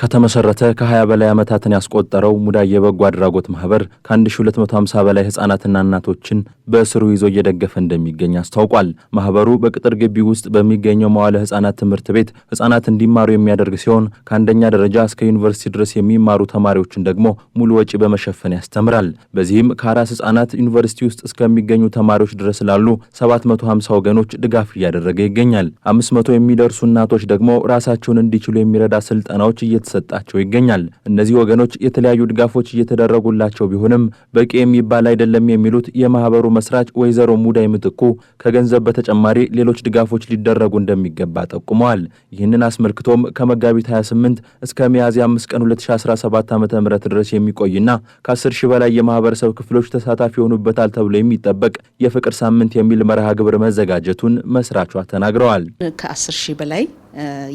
ከተመሰረተ ከ20 በላይ ዓመታትን ያስቆጠረው ሙዳይ የበጎ አድራጎት ማህበር ከ1250 በላይ ህጻናትና እናቶችን በስሩ ይዞ እየደገፈ እንደሚገኝ አስታውቋል። ማህበሩ በቅጥር ግቢ ውስጥ በሚገኘው መዋለ ህጻናት ትምህርት ቤት ህጻናት እንዲማሩ የሚያደርግ ሲሆን ከአንደኛ ደረጃ እስከ ዩኒቨርሲቲ ድረስ የሚማሩ ተማሪዎችን ደግሞ ሙሉ ወጪ በመሸፈን ያስተምራል። በዚህም ከአራስ ህጻናት ዩኒቨርሲቲ ውስጥ እስከሚገኙ ተማሪዎች ድረስ ላሉ 750 ወገኖች ድጋፍ እያደረገ ይገኛል። 500 የሚደርሱ እናቶች ደግሞ ራሳቸውን እንዲችሉ የሚረዳ ስልጠናዎች እየ እየተሰጣቸው ይገኛል። እነዚህ ወገኖች የተለያዩ ድጋፎች እየተደረጉላቸው ቢሆንም በቂ የሚባል አይደለም የሚሉት የማህበሩ መስራች ወይዘሮ ሙዳይ ምትኩ ከገንዘብ በተጨማሪ ሌሎች ድጋፎች ሊደረጉ እንደሚገባ ጠቁመዋል። ይህንን አስመልክቶም ከመጋቢት 28 እስከ ሚያዝያ 5 ቀን 2017 ዓ ም ድረስ የሚቆይና ከ10 ሺህ በላይ የማህበረሰብ ክፍሎች ተሳታፊ ይሆኑበታል ተብሎ የሚጠበቅ የፍቅር ሳምንት የሚል መርሃ ግብር መዘጋጀቱን መስራቿ ተናግረዋል። ከ10 ሺህ በላይ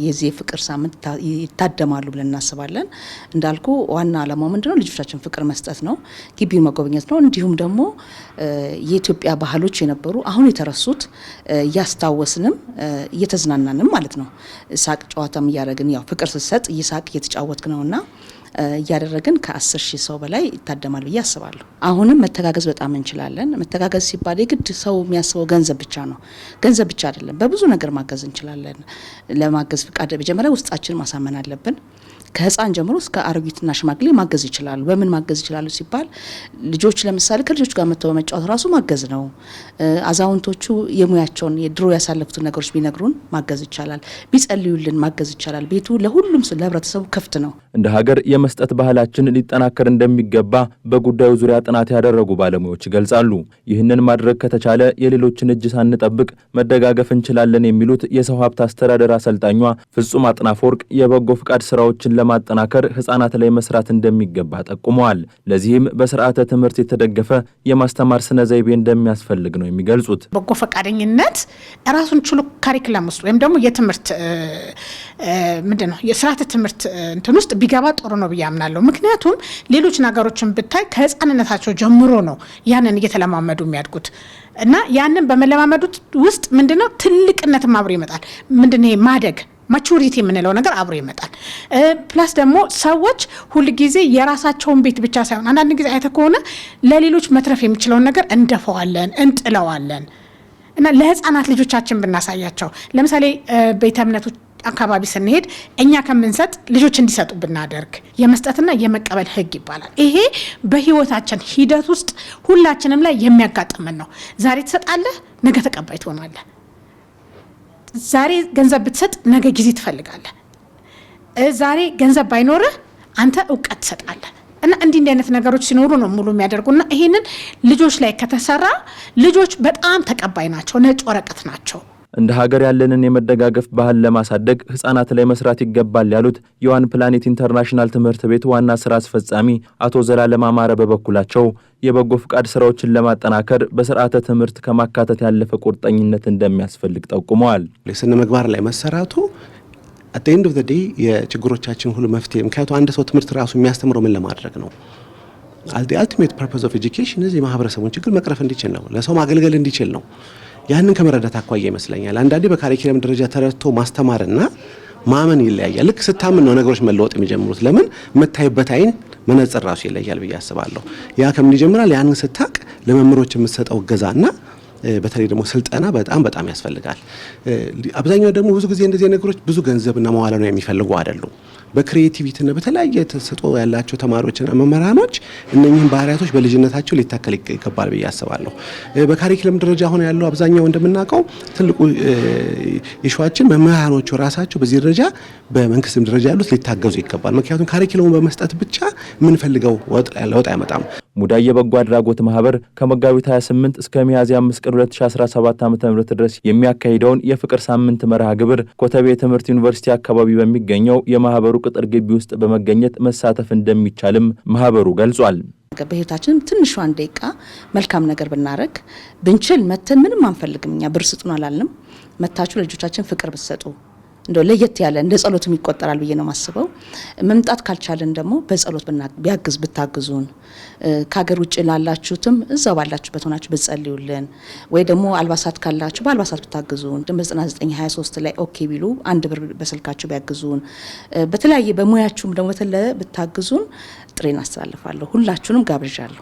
የዚህ የፍቅር ሳምንት ይታደማሉ ብለን እናስባለን። እንዳልኩ ዋና ዓላማው ምንድነው? ልጆቻችን ፍቅር መስጠት ነው፣ ግቢውን መጎብኘት ነው። እንዲሁም ደግሞ የኢትዮጵያ ባህሎች የነበሩ አሁን የተረሱት እያስታወስንም እየተዝናናንም ማለት ነው። ሳቅ ጨዋታም እያደረግን ያው ፍቅር ስትሰጥ እየሳቅ እየተጫወትክ ነውና እያደረግን ከአስር ሺህ ሰው በላይ ይታደማል ብዬ አስባለሁ። አሁንም መተጋገዝ በጣም እንችላለን። መተጋገዝ ሲባል የግድ ሰው የሚያስበው ገንዘብ ብቻ ነው። ገንዘብ ብቻ አይደለም፣ በብዙ ነገር ማገዝ እንችላለን። ለማገዝ ፍቃድ መጀመሪያ ውስጣችን ማሳመን አለብን። ከህፃን ጀምሮ እስከ አሮጊትና ሽማግሌ ማገዝ ይችላሉ። በምን ማገዝ ይችላሉ ሲባል ልጆች ለምሳሌ ከልጆች ጋር መጥተው በመጫወት ራሱ ማገዝ ነው። አዛውንቶቹ የሙያቸውን የድሮ ያሳለፉትን ነገሮች ቢነግሩን ማገዝ ይቻላል። ቢጸልዩልን ማገዝ ይቻላል። ቤቱ ለሁሉም ለህብረተሰቡ ክፍት ነው። እንደ ሀገር የመስጠት ባህላችን ሊጠናከር እንደሚገባ በጉዳዩ ዙሪያ ጥናት ያደረጉ ባለሙያዎች ይገልጻሉ። ይህንን ማድረግ ከተቻለ የሌሎችን እጅ ሳንጠብቅ መደጋገፍ እንችላለን የሚሉት የሰው ሀብት አስተዳደር አሰልጣኟ ፍጹም አጥናፈወርቅ የበጎ ፍቃድ ስራዎችን ለማጠናከር ህጻናት ላይ መስራት እንደሚገባ ጠቁመዋል። ለዚህም በስርዓተ ትምህርት የተደገፈ የማስተማር ስነ ዘይቤ እንደሚያስፈልግ ነው የሚገልጹት። በጎ ፈቃደኝነት ራሱን ችሎ ካሪክለም ውስጥ ወይም ደግሞ የትምህርት ምንድን ነው የስርዓተ ትምህርት እንትን ውስጥ ቢገባ ጥሩ ነው ብዬ አምናለሁ። ምክንያቱም ሌሎች ነገሮችን ብታይ ከህፃንነታቸው ጀምሮ ነው ያንን እየተለማመዱ የሚያድጉት እና ያንን በመለማመዱት ውስጥ ምንድነው ትልቅነትም አብሮ ይመጣል። ምንድን ማደግ ማቹሪቲ የምንለው ነገር አብሮ ይመጣል። ፕላስ ደግሞ ሰዎች ሁልጊዜ የራሳቸውን ቤት ብቻ ሳይሆን አንዳንድ ጊዜ አይተ ከሆነ ለሌሎች መትረፍ የሚችለውን ነገር እንደፈዋለን፣ እንጥለዋለን እና ለህፃናት ልጆቻችን ብናሳያቸው ለምሳሌ ቤተ እምነቶች አካባቢ ስንሄድ እኛ ከምንሰጥ ልጆች እንዲሰጡ ብናደርግ የመስጠትና የመቀበል ህግ ይባላል። ይሄ በህይወታችን ሂደት ውስጥ ሁላችንም ላይ የሚያጋጥመን ነው። ዛሬ ትሰጣለህ፣ ነገ ተቀባይ ትሆናለህ። ዛሬ ገንዘብ ብትሰጥ ነገ ጊዜ ትፈልጋለህ። ዛሬ ገንዘብ ባይኖርህ አንተ እውቀት ትሰጣለህ። እና እንዲህ እንዲህ አይነት ነገሮች ሲኖሩ ነው ሙሉ የሚያደርጉና ይህንን ልጆች ላይ ከተሰራ ልጆች በጣም ተቀባይ ናቸው፣ ነጭ ወረቀት ናቸው። እንደ ሀገር ያለንን የመደጋገፍ ባህል ለማሳደግ ህጻናት ላይ መስራት ይገባል ያሉት የዋን ፕላኔት ኢንተርናሽናል ትምህርት ቤት ዋና ስራ አስፈጻሚ አቶ ዘላለም አማረ በበኩላቸው የበጎ ፍቃድ ስራዎችን ለማጠናከር በስርዓተ ትምህርት ከማካተት ያለፈ ቁርጠኝነት እንደሚያስፈልግ ጠቁመዋል። ስነ ምግባር ላይ መሰራቱ አት ኤንድ ኦፍ ዘ ዴይ የችግሮቻችን ሁሉ መፍትሄ። ምክንያቱ አንድ ሰው ትምህርት ራሱ የሚያስተምረው ምን ለማድረግ ነው? አልቲሜት ኦፍ ኤጁኬሽን የማህበረሰቡን ችግር መቅረፍ እንዲችል ነው፣ ለሰው ማገልገል እንዲችል ነው። ያንን ከመረዳት አኳያ ይመስለኛል አንዳንዴ በካሪኪለም ደረጃ ተረድቶ ማስተማርና ማመን ይለያያል። ልክ ስታምን ነው ነገሮች መለወጥ የሚጀምሩት። ለምን የምታይበት አይን መነጽር ራሱ ይለያል ብዬ አስባለሁ። ያ ከምን ይጀምራል? ያንን ስታቅ ለመምህሮች የምትሰጠው እገዛና በተለይ ደግሞ ስልጠና በጣም በጣም ያስፈልጋል። አብዛኛው ደግሞ ብዙ ጊዜ እንደዚህ ነገሮች ብዙ ገንዘብና መዋለ ነው የሚፈልጉ አይደሉም። በክሬቲቪቲና በተለያየ ተሰጦ ያላቸው ተማሪዎችና መምህራኖች እነኚህን ባህሪያቶች በልጅነታቸው ሊታከል ይገባል ብዬ አስባለሁ። በካሪክለም ደረጃ አሁን ያለው አብዛኛው እንደምናውቀው ትልቁ የሸዋችን መምህራኖቹ ራሳቸው በዚህ ደረጃ በመንግስትም ደረጃ ያሉት ሊታገዙ ይገባል። ምክንያቱም ካሪክለሙን በመስጠት ብቻ የምንፈልገው ለውጥ አይመጣም። ሙዳይ የበጎ አድራጎት ማህበር ከመጋቢት 28 እስከ ሚያዝያ 5 ቀን 2017 ዓ.ም ድረስ የሚያካሂደውን የፍቅር ሳምንት መርሃ ግብር ኮተቤ የትምህርት ዩኒቨርሲቲ አካባቢ በሚገኘው የማህበሩ ቅጥር ግቢ ውስጥ በመገኘት መሳተፍ እንደሚቻልም ማህበሩ ገልጿል። በህይወታችንም ትንሿን ደቂቃ መልካም ነገር ብናረግ ብንችል መተን ምንም አንፈልግም። እኛ ብር ስጡን አላልንም። መታችሁ ለልጆቻችን ፍቅር ብትሰጡ እንደው ለየት ያለ እንደ ጸሎትም ይቆጠራል ብዬ ነው የማስበው። መምጣት ካልቻለን ደግሞ በጸሎት ቢያግዝ ብታግዙን፣ ከሀገር ውጭ ላላችሁትም እዛው ባላችሁበት ሆናችሁ ብትጸልዩልን፣ ወይ ደግሞ አልባሳት ካላችሁ በአልባሳት ብታግዙን፣ ድንበር 9923 ላይ ኦኬ ቢሉ አንድ ብር በስልካችሁ ቢያግዙን፣ በተለያየ በሙያችሁም ደግሞ በተለ ብታግዙን ጥሬን አስተላልፋለሁ። ሁላችሁንም ጋብዣለሁ።